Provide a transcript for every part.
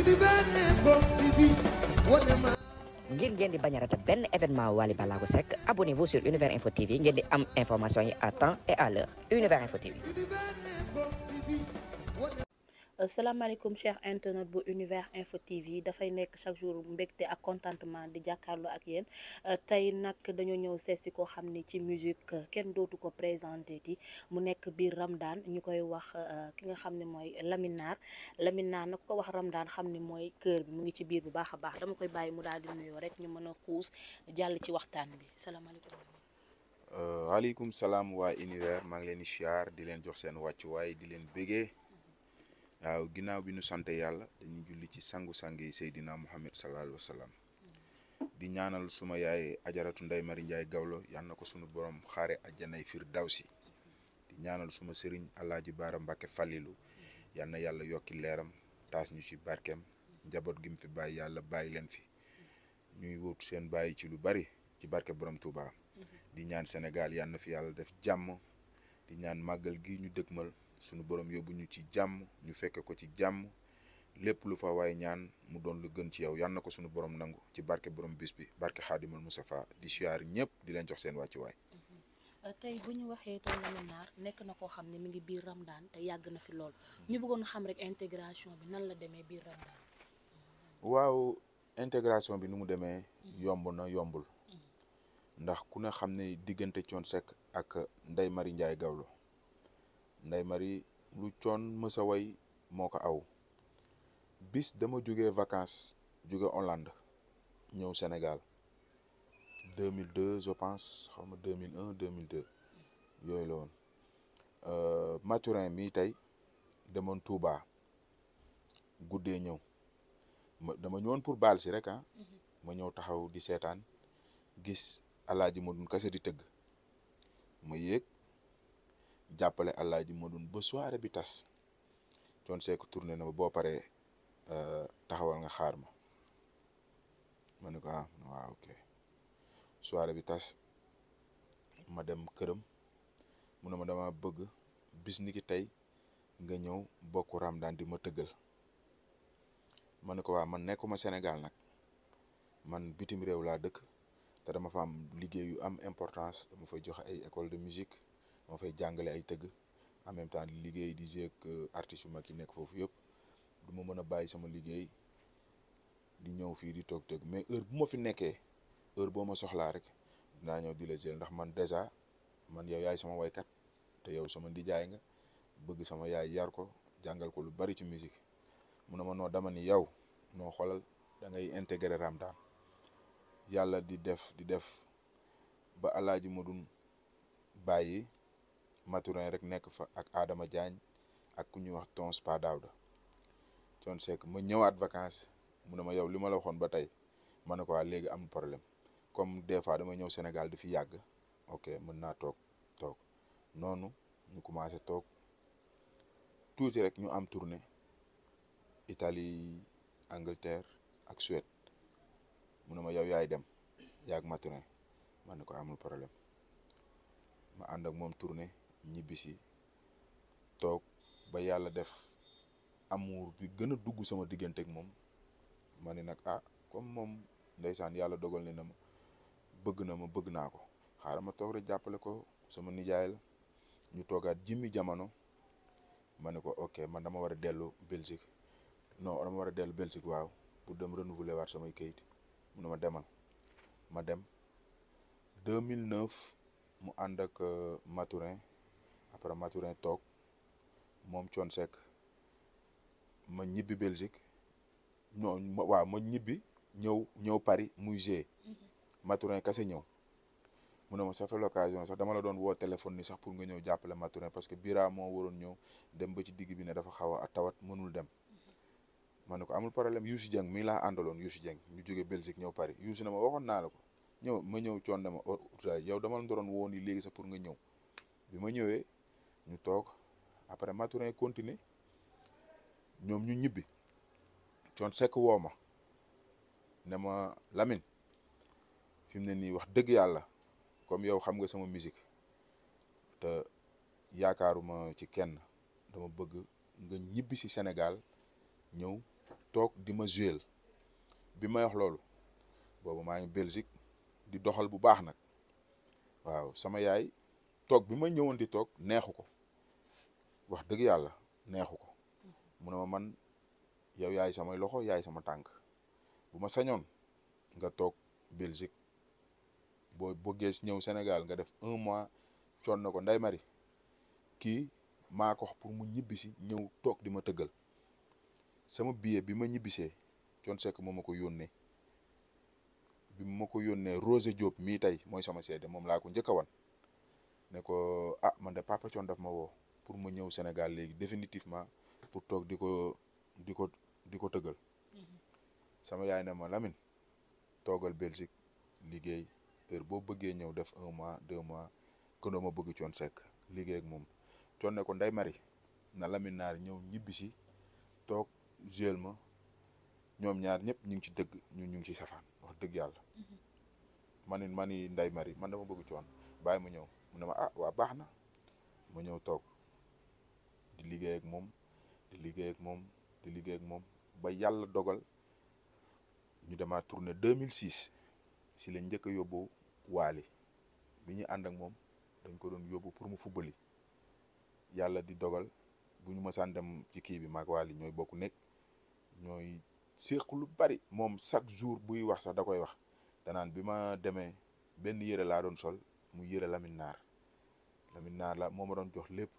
ngir ngeen di bañ a rata benn événement Wally Ballago Seck abonnez-vous sur Univers Info TV ngeen di am information yi à temps et à l'heure Univers Info TV Euh, salaamaaleykum cher internet bu univers info tv dafay nekk chaque jour mbégte ak contentement di jàkkaarloo ak yéen euh, tey nag dañoo ñëw seet si koo xam ni ci musique euh, kenn dootu ko présenté ti mu nekk biir Ramdan ñu koy wax ki nga xam ne mooy Lamine Nar Lamine Nar nag ko wax Ramdan xam ni mooy kër bi mu ngi ci biir bu baax a baax dama koy bàyyi mu daal di nuyoo rek ñu mën a xuus jàll ci waxtaan bi salaamaaleykum waaleykum salaam waa univers maa ngi leen di di leen jox seen wàccuwaay di leen bégee waaw ginnaaw bi nu sante yàlla dañuy julli ci sangu-sang yi Seydina Muhammad sallallahu alayhi sallam di ñaanal suma yaay ajaratu Ndeye Marie Ndiaye Gawlo yal ko sunu borom xaare ajjanay firdawsi di ñaanal suma sëriñ Alaaji Baara Mbàkke Falilu yal na yàlla yokki leeram taas ñu ci barkeem njaboot gi mu fi bàyyi yàlla bàyyi leen fi ñuy wut seen bàyyi ci lu bari ci barke borom Touba. di ñaan Sénégal yal na fi yàlla def jàmm di ñaan màggal gi ñu dëgmal sunu borom yóbbu ñu ci jàmm ñu fekke ko ci jàmm lépp lu fa waaye ñaan mu doon lu gën ci yow yal na ko sunu borom nangu ci barke borom bis bi barke xaadimal Mustafa di siyaar ñëpp di leen jox seen wàccuwaay. Mhm. Euh, tey bu ñu waxee Tonton nekk na koo xam ne mi ngi biir Ramadane te yàgg na fi lool ñu mhm. bëggoon xam rek intégration bi nan la demee biir Ramadane. waaw intégration bi nu mu demee. Mhm. yomb na yombul. ndax ku ne xam ne diggante Thione Seck ak ndey mari Ndiaye Gawlo Ndeye Marie lu coon mësa way moo ko aw bis dama jóge vacance jóge Hollande ñëw Sénégal 2002 je pense xaw ma 2001 2002 yooyu la woon euh, maturin mi tey demoon Touba guddee ñëw ma dama ñëwoon pour baal si rek a ah. mm-hmm. ma ñëw taxaw di seetaan gis alaaji ma dun kase di tëgg ma yéeg jàppale Alaaji Modou ba soirée bi tas Thione Seck tourné na ma boo paree euh, taxawal nga xaar ma ma ne ko ah waaw ok soirée bi tas ma dem këram mu ne ma dama bëgg bis ni tey nga ñëw bokk Ramadane di ma tëggal ma ne ko waa man nekkuma Sénégal nag man bitim réew laa dëkk te dama fa am liggéey yu am importance dama fa joxe ay école de musique moo fay jàngale ay tëgg en même temps di liggéey di jeeg euh, artistes yu ma yi nekk foofu yëpp du ma mën a bàyyi sama liggéey di ñëw fii di toog tëgg mais heure bu ma fi nekkee heure boo ma soxlaa rek dinaa ñëw di la jël ndax man dèjà man yow yaay sama woykat te yow sama ndijaay nga bëgg sama yaay yar ko jàngal ko lu bari ci musique mu na ma noo dama ni yow noo xoolal da ngay intégré Ramdan yàlla di def di def ba alaaji ma dun bàyyi Maturin rek nekk fa ak Adama Diagne ak ku ñuy wax Tons Pa Daouda Thione Seck ma ñëwaat vacances mun ne ma yow li ma la waxoon ba tey ma ne ko léegi am problème comme des fois dama ñëw Sénégal di fi yàgg ok mën naa toog toog noonu ñu commencé toog tuuti rek ñu am tournée Italie Angleterre ak Suède mu ne ma yow yaay dem yaag Maturin ma ne ko amul problème ma ànd ak moom tournée ñibbisi toog ba yàlla def amour bi gën a dugg sama diggante ak moom ma ni nag ah comme moom ndeysaan yàlla dogal ne na ma bëgg na ma bëgg naa ko xaaral ma toog rek jàppale ko sama nijaay ñu toogaat jimmi jamono ma ne ko ok man dama war a dellu Belgique non dama war a dellu Belgique waaw pour dem renouveler waat samay kayit mu na ma demal ma dem 2009 mu ànd ak euh, Maturin après Maturin toog moom Thione Seck ma ñibbi Belgique non waaw ma ñibbi ñëw ñëw Paris muy G mhm. Maturin kese ñëw mu ne ma ça fait sax dama la doon woo téléphone ni sax pour nga ñëw jàppale Maturin parce que Bira moo waroon ñëw dem ba ci digg bi ne dafa xaw a tawat mënul dem mhm. ma ne ko amul problème Youssou Dieng mii laa àndaloon Youssou Dieng ñu jógee Belgique ñëw Paris Youssou ne ma waxoon naa la ko ñëw ma ñëw coon ma oh, yow dama la doon woo ni léegi sax pour nga ñëw bi ma ñëwee ñu toog après Maturin continuer ñoom ñu ñibbi coon sekk woo ma ne ma lamin fi mu ne nii wax dëgg yàlla comme yow xam nga sama musique te yaakaaruma ci kenn dama bëgg nga ñibbi si Sénégal ñëw toog di ma jouer bi ma yox loolu boobu maa ngi Belgique di doxal bu baax nag waaw sama yaay toog bi ma ñëwoon di toog neexu ko wax dëgg yàlla neexu ko mu ne ma man yow yaay samay loxo yaay sama tànk bu ma sañoon nga toog Belgique boo bëggee ñëw Sénégal nga def un mois coon na ko nday kii maa ko wax pour mu ñibbi ñëw toog di ma tëggal sama billet bi ma ñibbisee coon sekk moo ma ko yónnee bi ma ko yónnee Rose Diop mii tey mooy sama seede moom laa ko njëkk a wan ne ko ah man de papa coon daf ma woo pour ma ñëw Sénégal léegi définitivement pour toog di ko di ko ko tëggal mhm. sama yaay na ma lamin toogal Belgique liggéey heure boo bëggee ñëw def un mois deux mois këndoo ma bëgg coon sekk liggéey ak moom coon ne ko Ndeye Marie na lamin Naar ñëw ñibbi si toog jël ma ñoom ñaar ñëpp ñu ngi ci dëgg ñun ñu ngi ci safaan wax dëgg yàlla mhm. ma ni ma ni Ndeye Marie man dama bëgg coon baay ma ñëw mun ne ma ah waa baax na ma ñëw toog di liggéey ak moom di liggéey ak moom di liggéey ak moom ba yàlla dogal ñu demaat tournée 2006 si lañ njëkk a yóbbu waali bi ñu ànd ak moom dañ ko doon yóbbu pour mu fubbali yàlla di dogal bu ñu mësaan dem ci kii bi maag waali ñooy bokk nekk ñooy séq lu bari moom chaque jour buy wax sax da koy wax danaan bi ma demee benn yére laa doon sol mu yére Lamine Naar Lamine Naar la moo ma doon jox lépp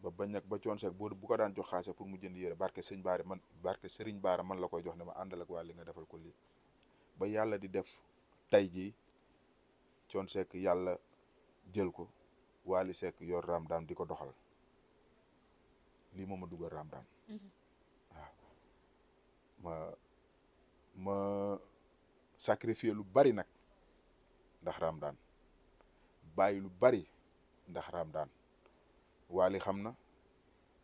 ba bañ nag ba coon seeg bu bu ko daan jox xaase pour mu jënd yére barke sëñ baara man barke sëriñ baara man la koy jox ne ma àndal ak waa li nga defal ko lii ba yàlla di def tey jii coon seeg yàlla jël ko waali seek yoor raam daam di ko doxal lii moom ma dugal raam daam mhm. ma ma sacrifier lu bari nag ndax raam daan bàyyi lu bari ndax raam daan Waly xam na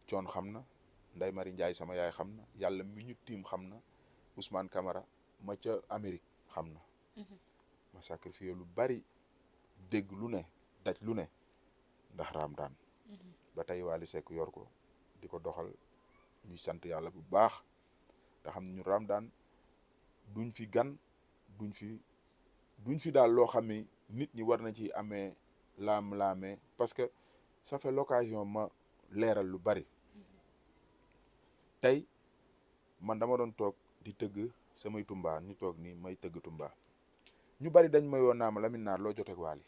Thione xam na Ndeye njaay sama yaay xam na yàlla mi ñu tiim xam na Ousmane Camara ma ca Amérique xam na. Mhm. ma sacrifié lu bari dégg lu ne daj lu ne ndax raam daan. Mhm. ba tey Waly Seck yor ko di doxal ñuy sant yàlla bu baax te xam ñu raam daan duñ fi gan duñ fi duñ fi daal loo xam ni nit ñi war na ci amee laam-laamee ça fait l'occasion ma leeral lu bari tey man dama doon toog di tëgg samay tumbaa ñu toog nii may tëgg tumbaa ñu bari dañ may woon naa ma Lamine naa loo joteeg waali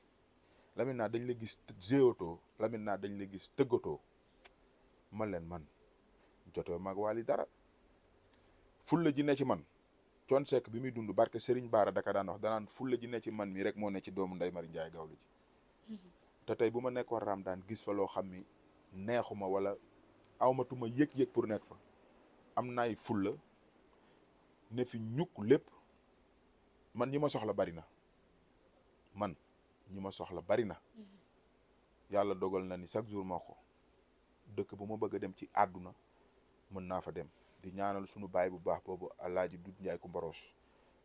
Lamine naa dañu la gis géotoo Lamine Naar la gis tëggatoo man leen man jotoo mag waali dara fulla ji ne ci man coon sekk bi muy dund barke Serigne Baara daka daan wax danaan fulla ji ne ci man mi rek moo ne ci doomu nday mari Njaay gawlu ji te tey bu ma nekkoon daan gis fa loo xam ni neexuma wala awmatuma yëg-yëg pour nekk fa am naay fulla ne fi ñukk lépp man ñi ma soxla bari na man ñi ma soxla bari na mm-hmm. yàlla dogal na ni chaque jour moo ko dëkk bu ma bëgg a dem ci àdduna mën naa fa dem di ñaanal sunu baay bu baax boobu alaaji dut njaay ku mboros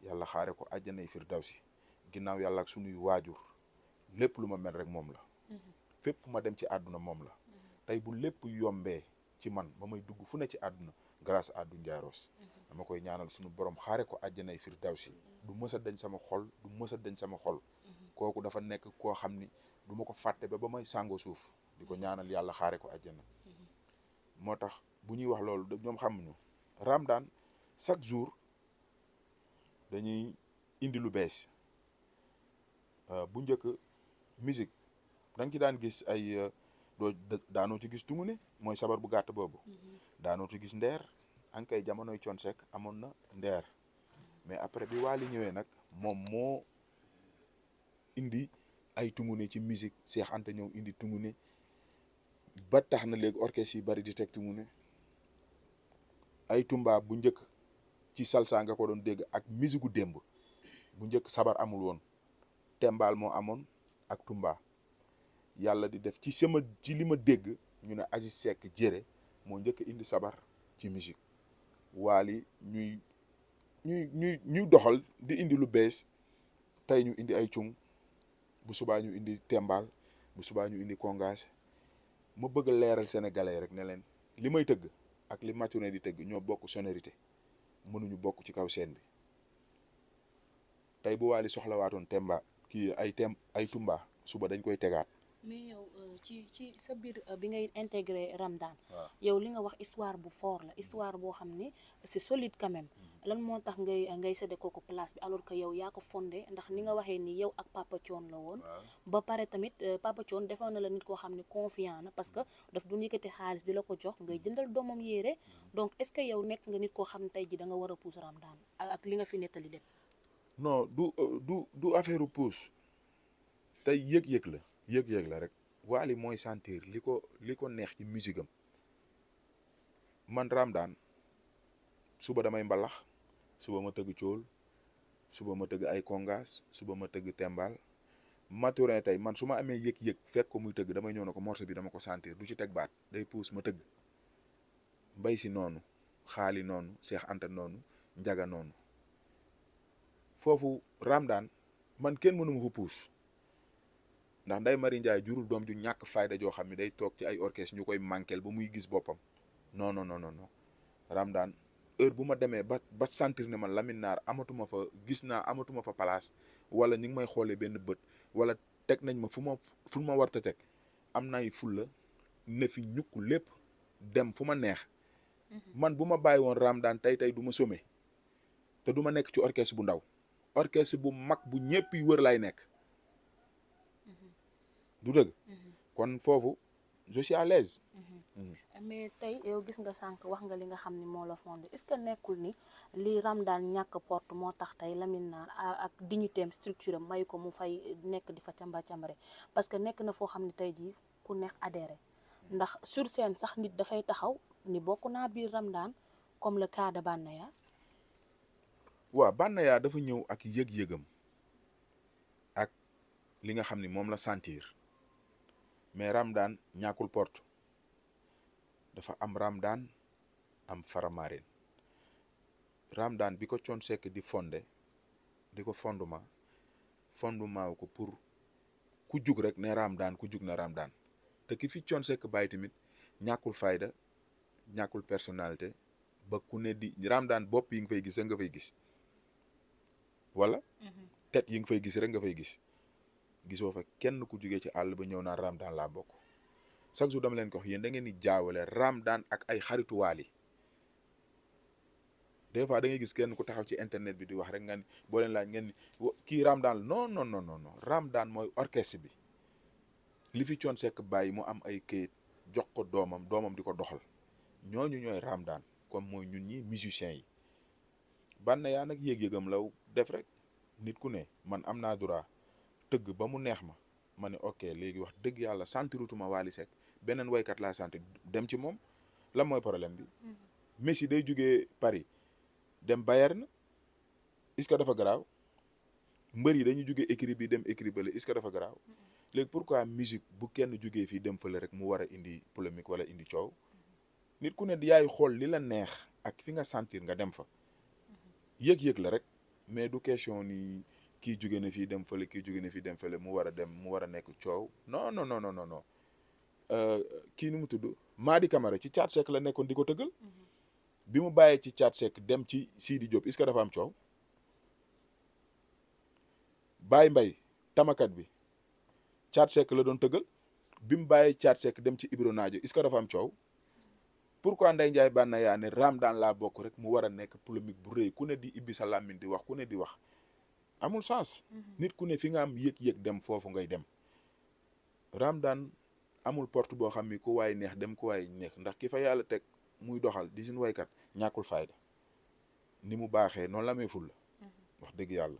yàlla xaare ko àjjanay si ginnaaw yàlla ak sunuy waajur lépp lu ma mel rek moom la fépp fu ma dem ci àdduna moom la tey bu lépp yombee ci man ba may dugg fu ne ci àdduna grace à Doudou Ndiaye Rose dama koy ñaanal suñu borom xaare ko àjjanay si du mës a dañ sama xol du mës a dañ sama xol kooku dafa nekk koo xam ni du ma ko fàtte ba ba may sàngoo suuf di ko ñaanal yàlla xaare ko àjjana moo tax bu ñuy wax loolu ñoom xamuñu daan chaque jour dañuy indi lu bees euh, bu njëkk musique da ci daan gis ay euh, doo daanoo ci gis tungune mooy sabar bu gàtt boobu mm-hmm. daanoo ci gis ndeer ankay jamonoy coon sekk amoon na ndeer mais après bi Wally ñëwee nag moom moo indi ay tungune ci musique Cheikh Anta ñëw indi tungune ba tax na léegi orchestre yi bari di teg tungune ay tumba bu njëkk ci salsa nga ko doon dégg ak musique gu démb bu njëkk sabar amul woon tembaal moo amoon ak tumba yàlla di def ci sama ci li ma dégg ñu ne Aziz Seck jére moo njëkk indi sabar ci musique waali ñuy ñuy ñuy ñuy doxal di indi lu bees tey ñu indi ay cung bu subaa ñu indi tembaal bu subaa ñu indi congas ma bëgg leeral sénégalais rek ne leen li may tëgg ak li Matoune di tëgg ñoo bokk sonorité mënuñu bokk ci kaw seen bi tey bu waali soxlawaatoon temba kii ay tem ay tumba suba dañ koy tegaat mu yow euh, ci ci sa biir euh, bi ngay intégré Ramadane yow li nga wax histoire bu foor la histoire boo xam ni c'est solide quand même mhm. lan moo tax ngay ngay sédde kooku place bi alors que yow yaa ko fonde ndax ni nga waxee ni yow ak Papa la woon ba pare tamit euh, Papa defoon na la nit koo xam ne confiant na parce que mhm. daf du yëkkati xaalis di la ko jox ngay jëndal doomam yére mhm. donc est-ce que yow nekk nga nit koo xam ne tey ji da nga war a pousse Ramadane ak li nga fi nettali lépp non du du du affaire pousse tey yëg-yëg la yëg-yëg la rek Wally mooy sentir li ko li ko neex ci musique am man Ramadane suba damay mbalax suba ma tëgg cool suba ma tëgg ay congas suba ma tëgg tembal Maturin tey man su ma amee yëg-yëg fekk ko muy tëgg damay ñëw na ko morceau bi dama ko sentir du ci teg baat day puus ma tëgg bay si noonu xaali noonu Seex Anta noonu Njaga noonu foofu Ramadane man kenn mënuma ko puus ndax Ndeye Marie Ndiaye jurul doom ju ñàkk fayda joo xam ne day toog ci ay orchestre ñu koy mankeel ba muy gis boppam non non non non Ramdaan heure bu ma demee ba ba sentir ne ma Lamine Naar amatuma fa gis naa amatuma fa place wala ñu ngi may xoolee benn bët wala teg nañ ma fu ma fu ma war a teg am nay fulla ne fi ñukk lépp dem fu ma neex mhm. man bu ma bàyyi woon Ramdaan tey tey du ma sommé te duma nekk ci orchestre bu ndaw orchestre bu mag bu ñëpp yi wër lay nekk du dëgg. kon foofu je mm-hmm. mais tey yow gis nga sànq wax nga li nga xam ni moo la fondé est-ce que nekkul ni li Ramdan ñàkk port moo tax tey Lamine Nar ak dignité am structure am ko mu fay nekk di fa càmba cambare parce que nekk na foo xam ne tey jii ku neex adhéré ndax sur seen sax nit dafay taxaw ni bokk naa biir Ramdan comme le cas de Banaya. waaw Banaya dafa ñëw ak yëg-yëgam ak li nga xam ni moom la sentir. mais Ramadane ñàkkul porte dafa am Ramadane am Faramareen Ramadane bi ko Thione Seck di fondé di ko fondement fondement ko pour ku jug rek ne Ramadane ku jug na Ramadane te ki fi Thione Seck bàyyi tamit ñàkkul fayda ñàkkul personnalité ba ku ne di Ramadane bopp yi nga fay gis nga fay gis yi nga fay gis rek nga fay gis mhm. gisoo fa kenn ku jugee ci àll ba ñëw naan Ramdan laa bokk chaque jour dama leen ko wax yéen da ngeen di jaawale Ramdan ak ay xaritu Wally des fois da ngay gis kenn ku taxaw ci internet bi di wax rek nga ni boo leen laaj ngeen ni kii Ramdan la non non non non mooy orchestre bi li fi coon sekk bàyyi mu am ay kayit jox ko doomam doomam di ko doxal ñooñu ñooy Ramdan comme mooy ñun ñi musiciens yi ban na yaa nag yëg-yëgam law def rek nit ku ne man am naa droit. tëgg ba mu neex ma ma ne ok léegi wax dëgg yàlla sentirutuma Wally Seck beneen waykat laa sentir dem ci moom lan mooy problème bi. Mhm. Messi day jugee Paris dem Bayern est-ce que dafa garaaw mbër yi dañuy jugee écurie bi dem écurie bële est-ce que dafa garaaw. Mhm. léegi pourquoi musique bu kenn jugee fii dem fële rek mu war a indi polémique wala indi coow mhm. nit ku ne yaay xool li la neex ak fi nga sentir nga dem fa. yëg-yëg la rek mais du question ni. kii jóge na fii dem fële kii jóge na fii dem fële mu war a dem mu war a nekk coow no non non non non euh, kii nu mu tudd Madi Camara ci Thiat Seck la nekkoon di ko tëggal. Mhm. bi mu bàyyee ci Thiat Seck dem ci Sidi Diop est am coow. Baye Mbaye tamakat bi Thiat la doon tëggal bi mu bàyyee Thiat Seck ci Ibro Naajo est-ce que dafa am coow. pourquoi Ndeye Ndiaye Banaya ne raam daan laa bokk rek mu war a nekk polémique bu rëy ku ne di ibbi sa làmmiñ di wax ku ne di wax. amul sens. Mhm. nit ku ne fi nga am yëg-yëg dem foofu ngay dem. Ramadane amul port boo xam ni ku waaye neex dem ku waay neex ndax ki fa yàlla teg muy doxal di suñu waykat ñàkkul fayda ni mu baaxee noonu la amee ful mhm. wax dëgg yàlla.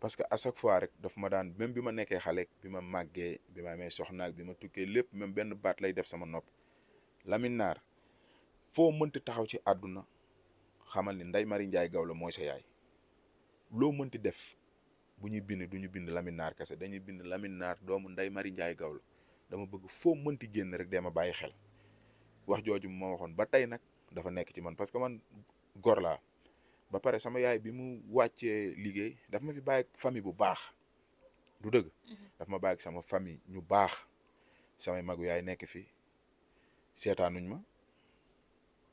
parce que à chaque fois rek daf ma daan même bi ma nekkee xale bi ma màggee bi ma amee soxnaak bi ma tukkee lépp même benn baat lay def sama nopp Lamine Naar foo mënti taxaw ci àdduna xamal ni Ndeye mari Ndiaye Gawlo mooy sa yaay loo mënti def bu ñu bind du ñu bind Lamine Naar kese dañuy bind Lamine doomu Ndeye mari Ndiaye Gawlo dama bëgg foo mënti génn rek dee ma bàyyi xel wax jooju ma waxoon ba tey nag dafa nekk ci man parce que man gor laa ba pare sama yaay bi mu wàccee liggéey daf ma fi bàyyi famille bu baax du dëgg. Mhm. daf ma bàyyi sama famille ñu baax samay magu yaay nekk fi seetaanuñ ma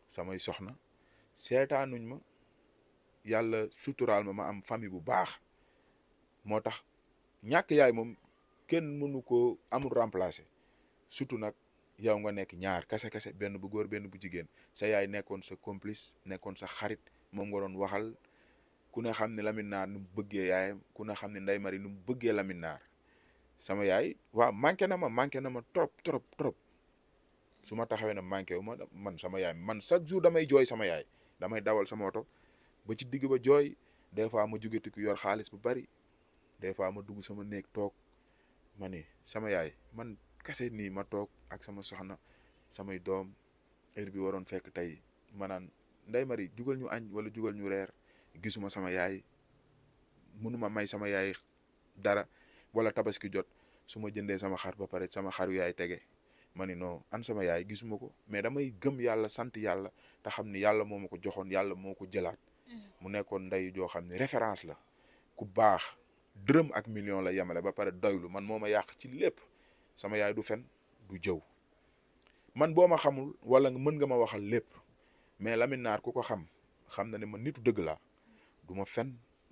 samay soxna seetaanuñ ma yàlla suturaal ma ma am famille bu baax moo tax ñàkk yaay moom kenn mënu ko amul remplacer surtout nag. yow nga nekk ñaar kase kase benn bu góor benn bu jigéen sa yaay nekkoon sa complice nekkoon sa xarit moom nga doon waxal ku ne xam ne Lamine Naar nu mu bëggee yaayam ku ne xam ne Ndeye nu mu bëggee Lamine Naar sama yaay waaw manqué na ma manqué na ma trop trop trop su ma taxawee na manqué wu ma man sama yaay man chaque jour damay jooy sama yaay damay dawal sama oto ba ci digg ba jooy des fois ma jóge tukki yor xaalis bu bari des fois ma dugg sama néeg toog ma ni sama yaay man kase nii ma toog ak sama soxna samay doom heure bi waroon fekk tey ma nday mari jugal ñu añ wala jugal ñu reer gisuma sama yaay mënuma may sama yaay dara wala tabaski jot su ma jëndee sama xar ba pare sama xaru yaay tege ma ni noo an sama yaay gisuma ko mais damay gëm yàlla sant yàlla te xam ni yàlla moo ma ko joxoon yàlla moo ko jëlaat mm-hmm. mu nekkoon ndey joo xam ne référence la ku baax dërëm ak million la yemale ba pare doylu man moo ma yàq ci lépp sama yaay du fen du jëw man boo ma xamul wala mën nga ma waxal lépp mais Lamine Naar ku ko xam xam na ne man nit dëgg laa du ma fen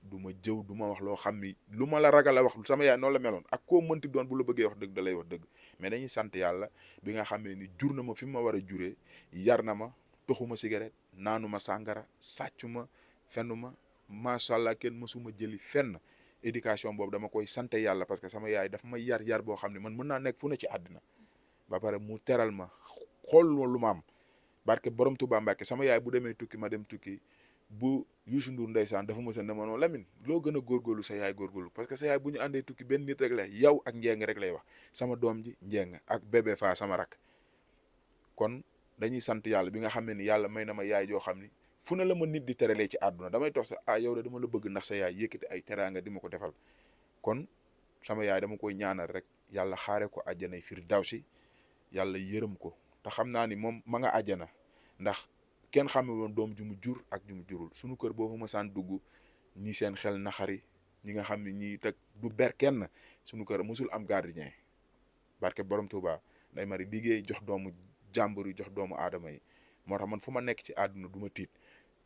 du ma jëw du ma wax loo xam ni lu ma la ragal a wax sama yaay noonu la meloon ak koo mënti doon bu la bëggee wax dëgg da lay wax dëgg mais dañuy sant yàlla bi nga xam ni jur na ma fi ma war a juree yar na ma toxuma cigarette naanu ma sàngara sàccu ma fenn ma macha allah kenn mësuma jëli fenn éducation boobu dama koy sant yàlla parce que sama yaay dafa ma yar yar boo xam ne man mën naa nekk fu ne ci àddina ba pare mu teral ma xool lu ma am barke borom Touba Mbacke sama yaay bu demee tukki ma dem tukki bu Youssou Ndour ndeysaan dafa mos a ne ma noonu Lamine loo gën a góorgóorlu sa yaay góorgóorlu parce que sa yaay bu ñu àndee tukki benn nit rek la yow ak njeng rek lay wax sama doom ji njeng ak bébé faa sama rak kon dañuy sant yàlla bi nga xam ne ni yàlla may na ma yaay joo xam ni fu ne la ma nit di teralee ci àdduna damay toog sa ah yow de dama la bëgg ndax sa yaay yëkkati ay teraanga di ma ko defal kon sama yaay dama koy ñaanal rek yàlla xaare ko àjjanay firdawsi yàlla yërëm ko te xam naa ni moom ma nga àjjana ndax kenn xame woon doom ju mu jur ak ju mu jurul suñu kër boo fa saan dugg ñi seen xel naxari ñi nga xam ne ñii teg du ber kenn suñu kër mosul am gardien barke borom Touba day mari liggéey jox doomu jàmbur yi jox doomu aadama yi moo tax man fu ma nekk ci àdduna du ma tiit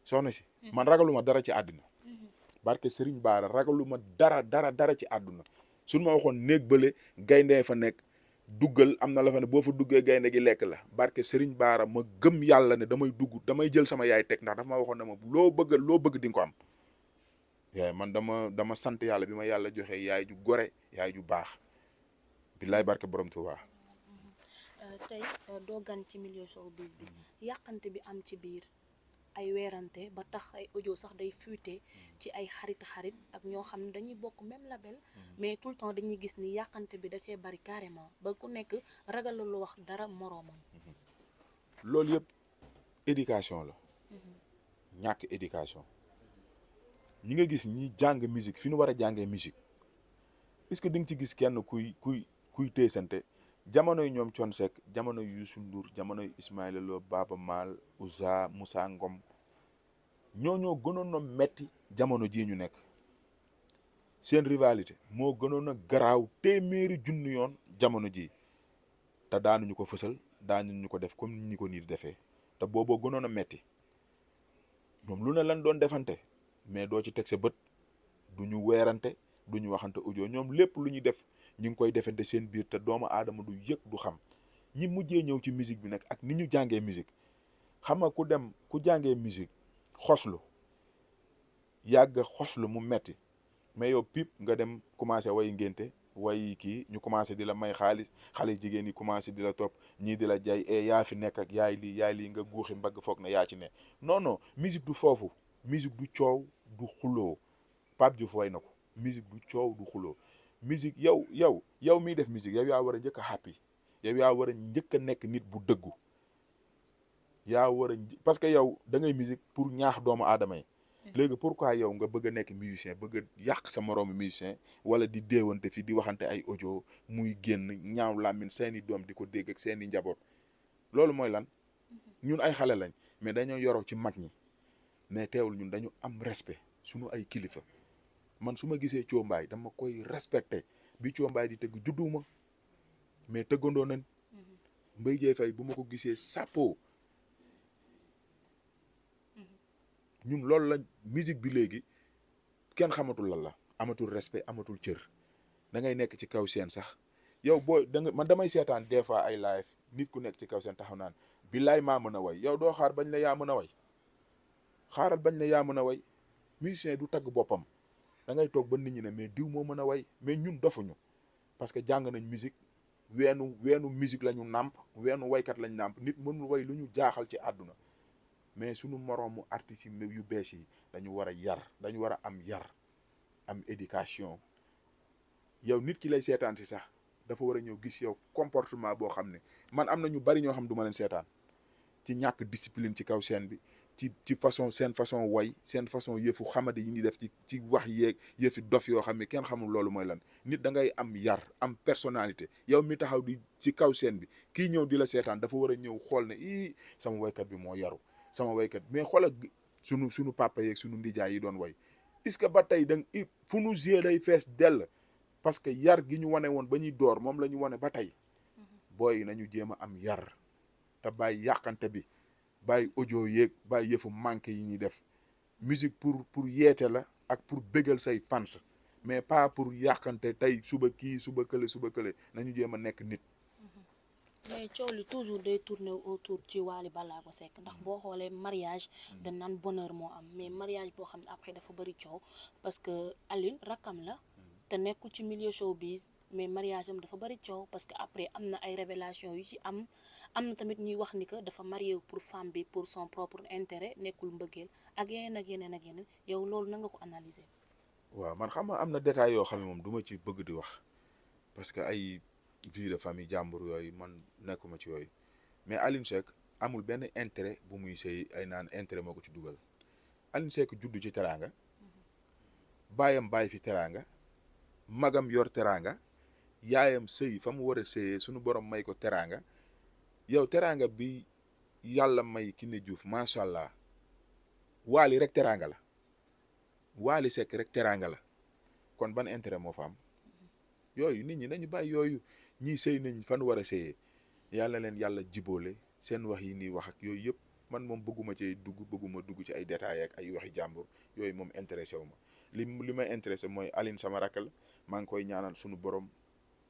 soxna si mhm. man ragaluma dara ci àdduna mhm. barke Serigne Bara ragaluma dara dara dara ci àdduna suñ ma waxoon néeg bële gayndee fa nekk duggal am na la fa ne boo fa duggee gaynde gi lekk la barke Serigne Baara ma gëm yàlla ne damay dugg damay jël sama yaay teg ndax dafa ma waxoon ne ma loo bëgg loo bëgg di ko am yaay man dama dama sant yàlla bi ma yàlla joxe yaay ju gore yaay ju baax billaay barke borom Tuubaa mm-hmm. uh, tey uh, doo gan ci milieu showbiz bi mm-hmm. yàqante bi am ci biir ay weerante ba tax ay audio sax day fuité hmm. ci ay xarit xarit ak ñoo xam ne dañuy bokk même label hmm. mais tout le temps dañuy gis ni yàqante bi dafee bari carrément ba ku nekk ragal lu wax dara moroomam hmm. loolu yëpp éducation la ñàkk éducation ñi nga gis ñi jàng musique fi ñu war a jàngee musique est que di nga ci gis kenn kuy kuy kuy téesante jamonoy ñoom Thione Seck jamonoy Youssou Ndour jamonoy Ismaïla Lo Baaba Maal Ouza Moussa Ngom ñoo gënoon a metti jamono jii ñu nekk seen rivalité moo gënoon a garaaw téeméeri junni yoon jamono jii te daanuñu ko fësal ñu ko def comme ni ko nii defee te booboo gënoon a metti ñoom lu ne lan doon defante mais doo ci teg sa bët du ñu weerante du ñu waxante audio ñoom lépp lu ñuy def ñu ngi koy defante seen biir te doomu aadama du yëg du xam ñi mujjee ñëw ci musique bi nag ak ni ñu jàngee musique xam nga ku dem ku jàngee musique xoslu yàgg xoslu mu metti mais yow pip nga dem commencé way ngénte way kii ñu commencé di la may xaalis xale jigéen yi commencé di la topp ñii di la jaay e yaa fi nekk ak yaay lii yaay lii nga guuxi mbagg foog na yaa ci ne non non musique du foofu musique du coow du xuloo Pape Diouf way na ko musique du coow du xuloo musique yow yow yow mi def musique yow yaa war a njëkk a happy yow yaa war a njëkk a nekk nit bu dëggu yaa war a parce que yow da ngay musique pour ñaax doomu aadama yi. léegi pour pourquoi yow nga bëgg a nekk musicien bëgg a yàq sa moroomu musicien wala di déewante fi di waxante ay ojo muy génn ñaaw làmmiñ seeni doom di ko dégg ak seeni njaboot loolu mooy lan mm-hmm. ñun ay xale lañ mais dañoo yoroo ci mag ñi mais teewul ñun dañu am respect sunu ay kilifa. man su ma gisee coombaay dama koy respecté bi coombaay di tëgg judduma mais tëggandoo nañ mm-hmm. mbay jee fay bu ma ko gisee sàppoo mm-hmm. ñun loolu la musique bi léegi kenn xamatul lan la amatul respect amatul cër dangay nekk ci kaw seen sax yow booy da nga man damay seetaan des fois ay live nit ku nekk ci kaw seen taxaw naan billaay maa mën a way yow doo xaar bañ la yaa mën a way xaaral bañ la yaa mën a way musicien du tagg boppam da ngay toog ba nit ñi ne mais diw moo mën a way mais ñun dofuñu parce que jàng nañ musique weenu weenu musique la ñu nàmp weenu waykat lañ nàmp nit mënul way lu ñu jaaxal ci àdduna mais suñu moroomu artistes yi yu bees yi dañu war a yar dañu war a am yar am éducation yow nit ki lay seetaan si sax dafa war a ñëw gis yow comportement boo xam ne man am na ñu bari ñoo xam du ma leen seetaan ci ñàkk discipline ci kaw scène bi ci ci façon seen façon way seen façon yëfu xamadi yi ñuy def ci ci wax yeeg yëfi dof yoo xam ne kenn xamul loolu mooy lan nit dangay am yar am personalité yow mi taxaw di ci kaw seen bi kii ñëw di la seetaan dafa war a ñëw xool ne ii sama waykat bi moo yaru sama waykat mais xoolal sunu sunu papa yeeg sunu ndijaay yi doon way est-ce que ba tey da nga fu nu gée day fees dell parce que yar gi ñu wane woon ba ñuy door moom la ñu wane ba tey mm-hmm. booy nañu jéem a am yar te bàyyi yàqante bi bàyyi audio yeeg bàyyi yëfu manqué yi ñuy def musique pour pour yeete la ak pour bégal say fans mais pas pour yàqante tey suba kii suba kële suba kële nañu jéem a nekk nit. Mm-hmm. mais coow li toujours day tourner autour ci balaa Ballago Seck ndax boo xoolee mariage mm-hmm. da naan bonheur moo am mais mariage boo xam ne après dafa bëri coow parce que Aline rakkam la mm-hmm. te nekkul ci milieu showbiz mais mariage am dafa bari coow parce que après am na ay révélation yu ci am am na tamit ñuy wax ni que dafa marié pour femme bi pour son propre intérêt nekkul mbëggeel ak yeneen ak yeneen ak yeneen yow loolu nan nga ko analyser. waaw man xam nga am na détails yoo xam ne moom duma ci bëgg di wax parce que ay vie de famille jàmbur yooyu man nekkuma ci yooyu mais Alioune Seck amul benn intérêt bu muy sëy ay naan intérêt moo ko ci dugal Alioune Seck juddu ci teraanga mhm. baayam bàyyi fi teraanga magam yor teraanga. yaayam sëy fa mu war a sëyee suñu borom may ko teraanga yow teraanga bi yàlla may Kiné Diouf macha allah waali rek teraanga la waali sekk rek teraanga la kon ban intérêt moo fa am yooyu nit ñi nañu bàyyi yooyu ñii sëy nañ fan war a sëyee yàlla leen yàlla jiboole seen wax yi nii wax ak yooyu yëpp man moom bëgguma ci dugg bëgguma dugg ci ay détails ak ay waxi jàmbur yooyu moom intéressé wu ma li li ma intéressé mooy Aline sama rakk la maa ngi koy ñaanal sunu borom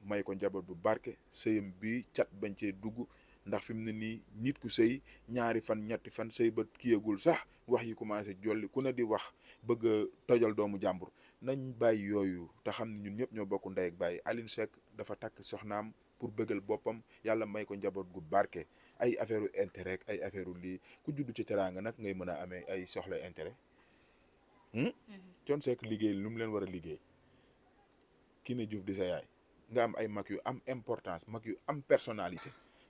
may ko njaboot bu barke sëyam bi cat bañ cee dugg ndax fi mu ne nii nit ku sëy ñaari fan ñetti fan sëy ba kiyagul sax wax yi commencé jolli ku ne di wax bëgg tojal doomu jàmbur nañ bàyyi yooyu te xam ne ñun ñëpp ñoo bokk ndey ak bàyyi Alioune Seck dafa takk soxnaam pour bëggal boppam yàlla may ko njaboot gu barke ay affaire u ay affaire lii ku judd ci teraanga nag ngay mën a amee ay soxla intérêt hmm? mhm. Thione Seck liggéey lu mu leen war a liggéey Kiné Diouf sa yaay nga am ay mag yu am importance mag yu am personnalité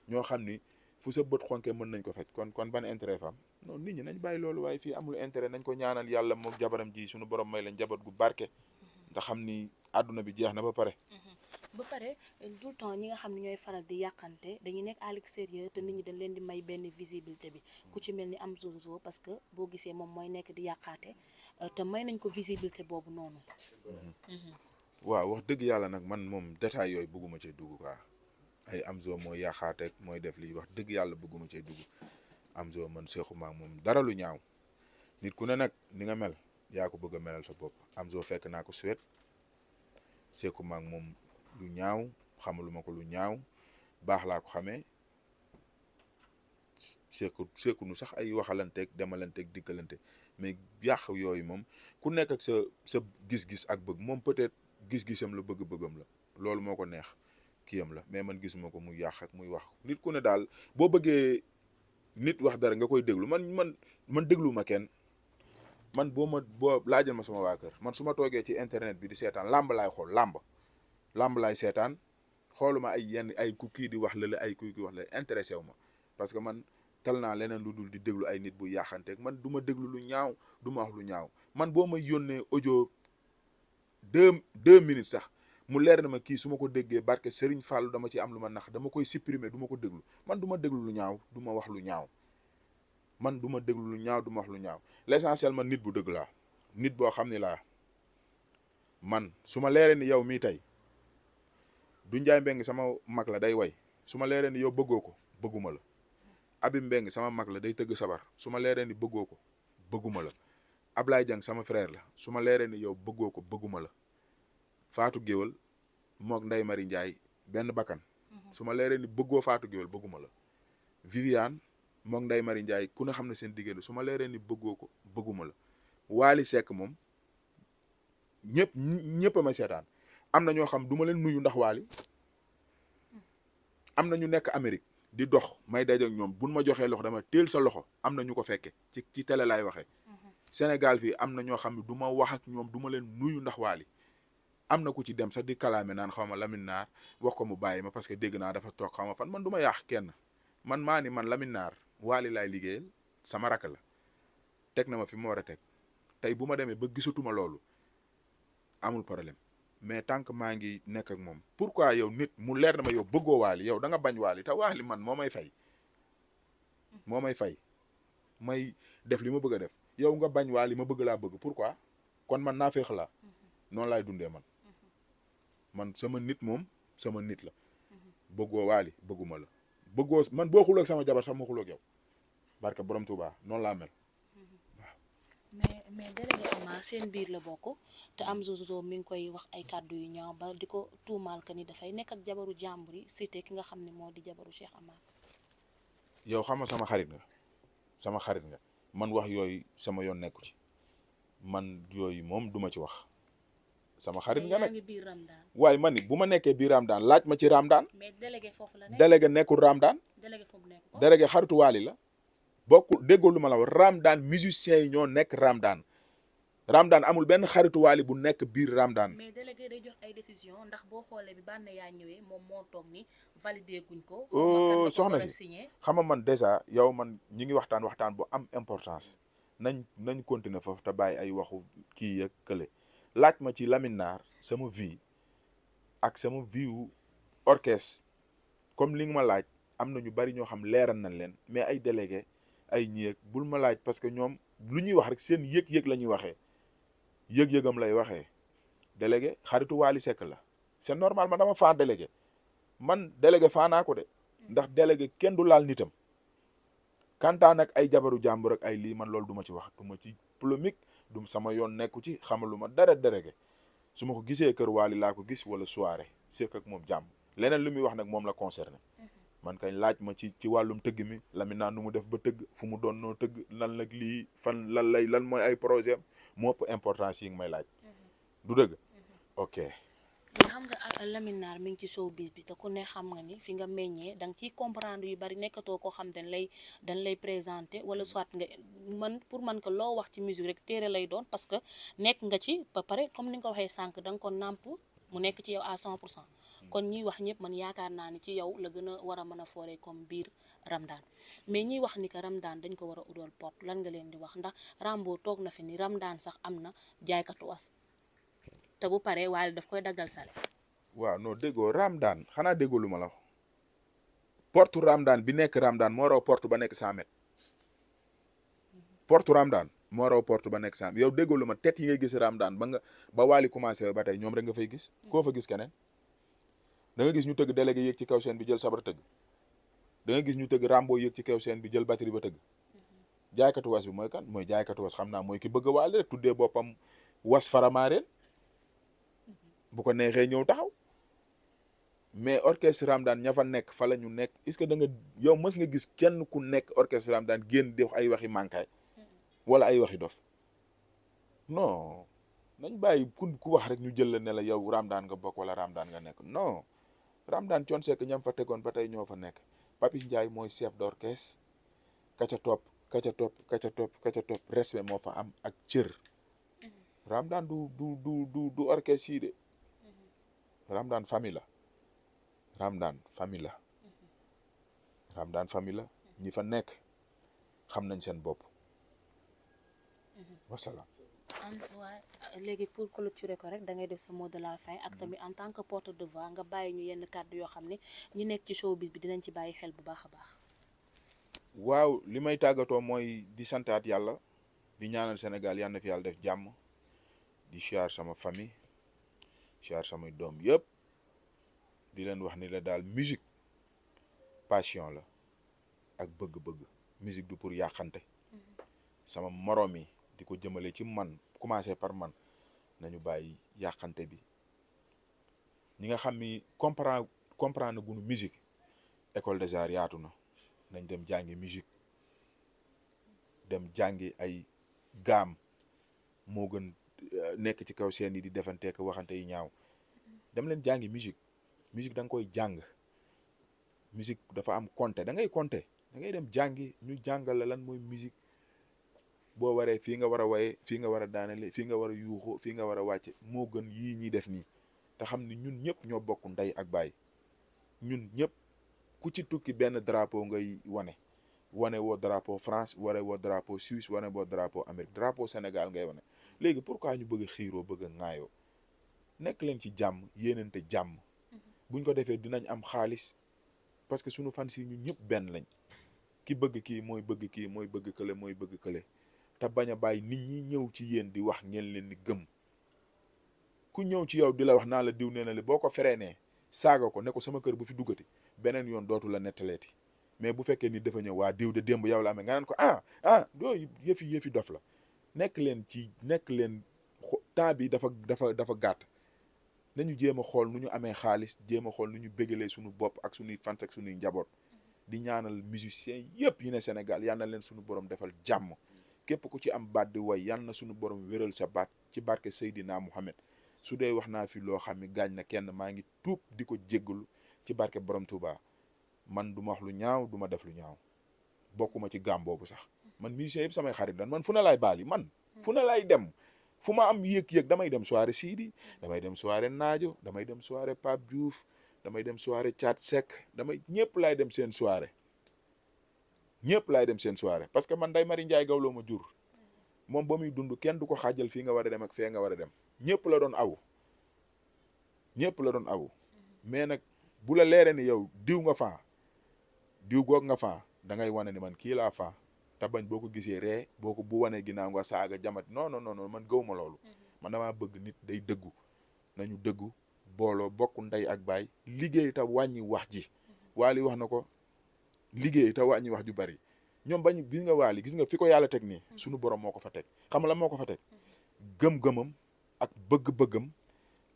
ñoo xam ni fu sa bët xonke mën nañ ko fekk kon ban intérêt fa am nit ñi nañ bàyyi loolu waaye fii amul intérêt nañ ko ñaanal yàlla moom jabaram ji suñu borom may lañ jabat gu barke mhm. nga xam ni àdduna bi jeex na ba pare mhm. ba pare euh, tout le temps ñi nga xam ne ñooy faral di yàqante dañuy nekk à l'extérieur te nit ñi dañ leen di may benn visibilité bi mhm. ku ci mel ni am zozo parce que boo gisee moom mooy nekk di yàqaate euh, waaw wax dëgg yàlla nag man moom détail yooyu bëgguma cee dugg quoi ay Amzo mooy yaaxaateeg mooy def lii wax dëgg yàlla bëgguma cee am Amzo man seexuma moom dara lu ñaaw nit ku ne nag ni nga mel yaa ko bëgg a melal sa bopp am joo fekk naa ko Suède seexuma moom lu ñaaw xamaluma ko lu ñaaw baax laa ko xamee seeku nu sax ay waxalanteeg demalanteeg dikkalante mais yàq yooyu moom ku nekk ak sa sa gis-gis ak bëgg moom peut-être. gis-gisam la bëgg-bëggam la loolu moo ko neex kiyam la mais man gisuma ko mu yàq ak muy wax nit ku ne daal boo bëggee nit wax dara nga koy déglu man man man déglu ma kenn man boo ma boo laajal ma sama waa man su ma toogee ci internet bi di seetaan làmb laay xool làmb làmb laay seetaan xooluma ay yenn ay ku di wax la ay ku wax la intéressé wu ma parce que man tal naa leneen lu dul di déglu ay nit bu yaaxanteeg man du ma déglu lu ñaaw du ma lu ñaaw man yónnee audio deux deux minutes sax mu leere na ma kii su ma ko déggee barke Serigne Fallou dama ci am lu ma nax dama koy supprimer du ko déglu man duma ma déglu lu ñaaw du ma wax lu ñaaw man duma déglu lu ñaaw du ma wax lu ñaaw l'essentiel ma nit bu dëgg laa nit boo xam ne laa man su ma leeree ni yow mii tey du Njaay Mbeng sama mag la day way su ma leeree ni yow bëggoo ko bëgguma la Abi Mbeng sama mag la day tëgg sabar su ma leeree ni bëggoo ko bëgguma la Ablaye Dieng sama frère la su ma leeree ni yow bëggoo ko bëgguma la faatu Géwal mook Ndeye mari njaay benn bakkan mhm. su ma leeree ni bëggoo faatu Géwal bëgguma la Viviane moog Ndeye mari njaay ku ne xam ne seen diggante su ma leeree ni bëggoo ko bëgguma la waali Seck moom ñëpp ñëpp ma seetaan am na ñoo xam du ma leen nuyu ndax Waly am na ñu nekk Amérique di dox may daje ak bu nu ma joxee loxo dama teel sa loxo am na ñu ko fekke ci ci télé laay waxee Sénégal fii am na ñoo xam ne du ma wax ak ñoom duma leen nuyu ndax waali am na ku ci dem sax di kalaame naan xaw ma Lamine Naar wax ko mu bàyyi ma parce que dégg naa dafa toog xaw ma fan man du ma yàq kenn man maa ni man Lamine Naar waali laay liggéeyal sama rakk la teg na ma fi mu war a teg tey bu ma demee ba gisatuma loolu amul problème mais tant maa ngi nekk ak moom pourquoi yow nit mu leer na ma yow bëggoo waali yow da nga bañ waali te li man moo may fay moo may fay may def li ma bëgg a def yow nga bañ waali ma bëgg laa bëgg pour pourquoi kon man naa féex laa mhm. noonu laay dundee man mhm. man sama nit moom sama nit la mhm. bëggoo waali bëgguma la bëggoo man boo xuloog sama jabar sax ma xuloog yow barke borom Tuuba noonu laa mel mais mais délégué Ama seen biir la bokk te am zozo mi ngi koy wax ay kàddu yu ñaaw ba di ko tuumaal que ni dafay nekk ak jabaru jàmbur yi cité ki nga xam ni moo di jabaru Cheikh Ama yow xam nga sama xarit nga sama xarit nga man wax yooyu sama yoon nekku ci man yooyu moom duma ci wax sama xarit nga nag waaye man ni bu ma nekkee biir daan laaj ma ci Ramadaan délégué nekkul Ramadaan délégué xaritu waali la bokkul déggoo lu ma la wax Ramadaan musiciens yi ñoo nekk raam daan Ramdan amul benn xaritu Wally bu nekk biir Ramdan. mais délégué ay décision ndax boo xoolee bi bànn moom moo toog ni validé guñ ko. oh soxna si xam nga man dèjà yow man ñi ngi waxtaan waxtaan bu am importance nañ nañ continuer foofu te bàyyi ay waxu kii ak kële laaj ma ci Lamine Naar sama vie ak sama vie wu orchestre comme li nga ma laaj am na ñu bari ñoo xam leeral nañ leen mais ay délégué ay ñi bul ma laaj parce que ñoom lu ñuy wax rek seen yëg-yëg la ñuy waxee. yëg-yëgam lay waxee délégué xaritu Waly Seck la c'est normal ma dama faa délégué man délégué faa naa ko de ndax délégué kenn du laal nitam kantaan ak ay jabaru jàmbur ay lii man loolu duma ci wax duma ci polémique du sama yoon nekku ci lu ma dara délégué su ma ko gisee kër Waly laa ko gis wala soirée seq ak moom jàmm leneen lu muy wax nag moom la concerné man kay laaj ma ci ci wàllum tëgg mi Lamine naa nu mu def ba tëgg fu mu doon noo tëgg lan la lii fan lan lay lan mooy ay projet moo ëpp yi nga may laaj. Mhm. du dëgg mhm. ok. xam nga Lamine mi ngi ci showbiz bi te ku fi nga da nga ciy yu bari nekkatoo koo xam dañ lay dañ lay présenté wala mhm. soit nga man pour man que loo wax ci musique rek téere lay doon parce que nekk nga ci ba pare comme ni nga waxee sànq da ko nàmp mu nekk ci yow à 100 pour cent hmm. kon ñiy wax ñëpp man yaakaar naa ni ci yow la gën a war a mën a fooree comme biir Ramdan mais ñiy wax ni que daan dañ ko war a udool porte lan nga leen di wax ndax Rambo toog na fi ni Ramdan sax am na jaaykatu was te bu pare waaye daf koy daggal sale waaw non déggoo Ramdan xanaa déggoo lu ma la wax porte Ramdan bi nekk Ramdan moo raw porte ba nekk 100 mètres hmm. porte Ramdan moo raw porte ba nekk sam yow déggoo ma tet yi ngay gis Ramadaan ba nga ba waali commencé ba tey ñoom rek nga fay gis koo fa gis keneen da nga gis ñu tëgg délégué yéeg ci kaw seen bi jël sabar tëgg da gis ñu tëgg Rambo yéeg ci kaw seen bi jël batterie ba tëgg jaaykatu was bi mooy kan mooy jaaykatu was xam naa mooy ki bëgg a waale rek tuddee boppam was faramaareen bu ko neexee ñëw taxaw mais orchestre Ramadaan ña fa nekk fa la ñu nekk est-ce que da nga yow mës nga gis kenn ku nekk orchestre Ramadaan génn di ay waxi mankaay wala ay waxi dof non nañ bàyyi ku wax rek ñu jël la ne la yow Ramadaan nga bokk wala daan nga nekk non Ramadaan Thione Seck ñam fa tegoon ba tey ñoo fa nekk Papis Ndiaye mooy chef d'orchestre ka ca topp ka ca topp ka ca topp ka ca topp respect moo fa am ak cër Ramadaan du du du du du orchestre de Ramadaan famille la Ramadaan daan la Ramadaan famille la ñi fa nekk xam nañ seen bopp wasalaam. en waaye léegi pour clôturer ko rek da ngay def sa mot de la fin ak mm. tamit en tant que porte de voix nga bàyyi ñu yenn kàddu yoo xam ne ñu nekk ci showbiz bi dinañ ci bàyyi xel bu baax a baax. waaw li may tàggatoo mooy di santaat yàlla di ñaanal Sénégal yal fi yàlla def jàmm di siyaar sama famille siyaar samay doom yëpp di leen wax ni la daal musique passion la ak bëgg-bëgg musique du pour yàqante mm-hmm. sama moroom yi. di ko jëmale ci man commencé par man nañu bàyyi yàqante bi ñi nga xam ni comprendre comprendre gunu musique école des arts yaatu na nañ dem jàngi musique dem jàngi ay gaam moo gën euh, nekk ci kaw seen yi di defanteek waxante yi ñaaw dem leen jàngi musique musique da nga koy jàng musique dafa am compter da ngay compter da ngay dem jàngi ñu jàngal la lan mooy musique boo waree fii nga war a waye fii nga war a daanele fii nga war a yuuxu fii nga war a wàcce moo gën yii ñuy def nii te xam ni ñun ñëpp ñoo bokk ndey ak baay ñun ñëpp ku ci tukki benn drapeau ngay wane wane woo drapeau France wane woo drapeau Suisse wane woo drapeau Amérique drapeau Sénégal ngay wane léegi pourquoi ñu bëgg a xiiroo bëgg a ŋaayoo nekk leen ci jàmm yéenante jàmm mhm. buñ ko defee dinañ am xaalis parce que sunu fan si ñun ñëpp benn lañ ki bëgg kii mooy bëgg kii mooy bëgg kële mooy bëgg kële te bañ a bàyyi nit ñi ñëw ci yéen di wax ngeen leen di gëmm ku ñëw ci yow di la wax naa la diw nee na li boo ko freinee saaga ko ne ko sama kër bu fi duggati beneen yoon dootu la nettaleeti mais bu fekkee ni dafa ñëw waa diw de démb yow la amee nga naan ko ah ah doo yëfi yëfi dof la nekk leen ci nekk leen temps bi dafa dafa dafa gàtt nañu jéem a xool nu ñu amee xaalis jéem a xool nu ñu bégalee suñu bopp ak suñuy fans ak suñuy njaboot di ñaanal musiciens yëpp yu ne Sénégal yal leen suñu borom defal jàmm képp ku ci am baat di way yan na suñu borom wéral sa baat ci barke Seydina Muhammad su dee wax naa fi loo xam ne gaañ na kenn maa ngi tuub di ko jéggalu ci barke borom Touba man du ma wax lu ñaaw du def lu ñaaw bokkuma ci gaam boobu sax man musicien yëpp samay xarit lan man fu na laay yi man fu na laay dem fu ma am yëg-yëg damay dem soirée Sidi damay dem soirée Naajo damay dem soirée Pape Diouf damay dem soirée Thiat Seck damay ñëpp laay dem seen soirée ñépp laay dem seen soirée parce que man Ndeye mari Ndiaye Gawlo ma jur moom ba muy dund kenn du ko xaajal fii nga war a dem ak fee nga war a dem ñëpp la doon aw ñëpp la doon aw mais nag bu la leeree ni yow diw nga faa diw goog nga faa da ngay wane ni man kii laa faa te bañ boo ko gisee ree boo ko bu wanee ginnaaw nga saaga jamat non non non man gëw ma loolu mhm. man damaa bëgg nit day dëggu nañu dëggu booloo bokk ndey ak baay liggéey te wàññi wax ji mhm. waali wax na ko liggéey te wàññi wax ju bari ñoom bañ gis nga waali gis nga fi ko yàlla teg nii mm-hmm. suñu borom moo ko fa teg xam nga la moo ko fa mm-hmm. gëm-gëmam ak bëgg bëggëm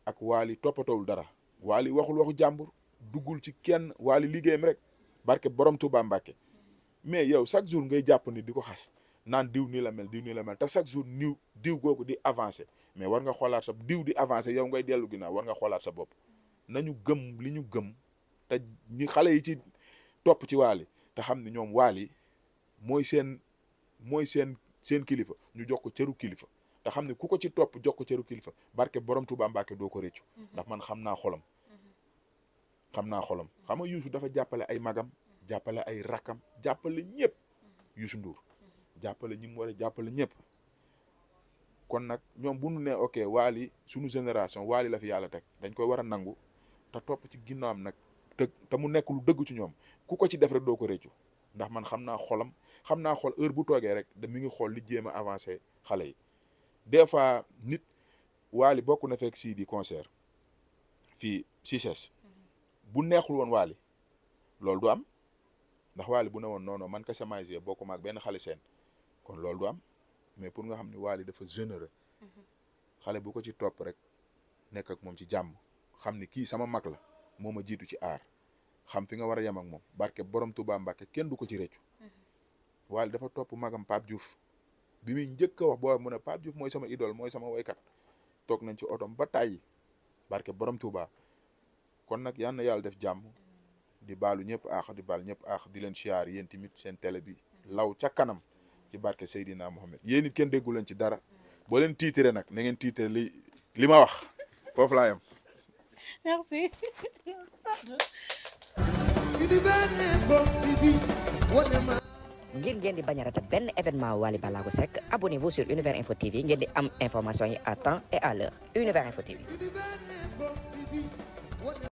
ak waali toppatoowul dara waali waxul waxu jàmbur duggul ci kenn waali liggéeyam rek barke borom Touba Mbàkke mm-hmm. mais yow chaque jour ngay jàpp ni di ko xas naan diw nii la mel diw nii la mel te chaque jour niw diw googu di avancer mais war nga xoolaat sa diw di avancer yow ngay dellu gi naa war nga xoolaat sa bopp nañu gëm li ñu gëm topp ci waali te xam ne ñoom waali mooy seen mooy seen seen kilifa ñu jox ko cëru kilifa te xam ne ku ko ci topp jox ko cëru kilifa barke borom Tuuba Mbàkke doo ko réccu mhm. ndax man xam naa xolam mhm. xam naa xolam xam nga Youssou dafa jàppale ay magam mhm. jàppale ay rakkam jàppale ñëpp Youssou Ndour jàppale ñi mu jàppale ñëpp kon nag ñoom bu ñu ne ok waali sunu génération waali la fi yàlla teg dañ koy war a nangu te topp ci ginnaawam nag te mu nekk lu dëgg ci ñoom ku ko ci def rek doo ko réccu ndax man xam naa xolam xam naa xol heure bu toogee rek da mu ngi xool li jéem avancé xale yi des fois nit waali bokk na fekk si di concert fii Cissesse mhm. bu neexul woon waali loolu du am ndax waali bu ne woon non man ka semence bokkuma ak benn xale seen kon loolu du am mais pour nga xam ni waali dafa généreux mhm. xale bu ko ci topp rek nekk ak moom ci jàmm xam ni kii sama mag la moo ma jiitu ci aar xam fi nga war a yem ak moom barke borom Touba Mbacke kenn du ko ci réccu mm-hmm. waaye dafa topp magam Pape Diouf bi muy njëkk a wax booba mu ne Pape Diouf mooy sama idole mooy sama woykat toog nañ ci otom ba tàyyi barke borom Touba kon nag yal na yàlla def jàmm mm-hmm. di baalu ñëpp aax di baal ñëpp aax di leen siyaar yéen tamit seen télé bi mm-hmm. law ca kanam ci barke Seydina Mohamed yéen it kenn déggu leen ci dara boo leen tiitere nag na ngeen li li ma wax foofu laa merci. ngir ngeen di bañ benn événement Wally Ballago Seck abonnez-vous sur Univers TV ngeen di am information yi à temps et à l'heure Univers TV.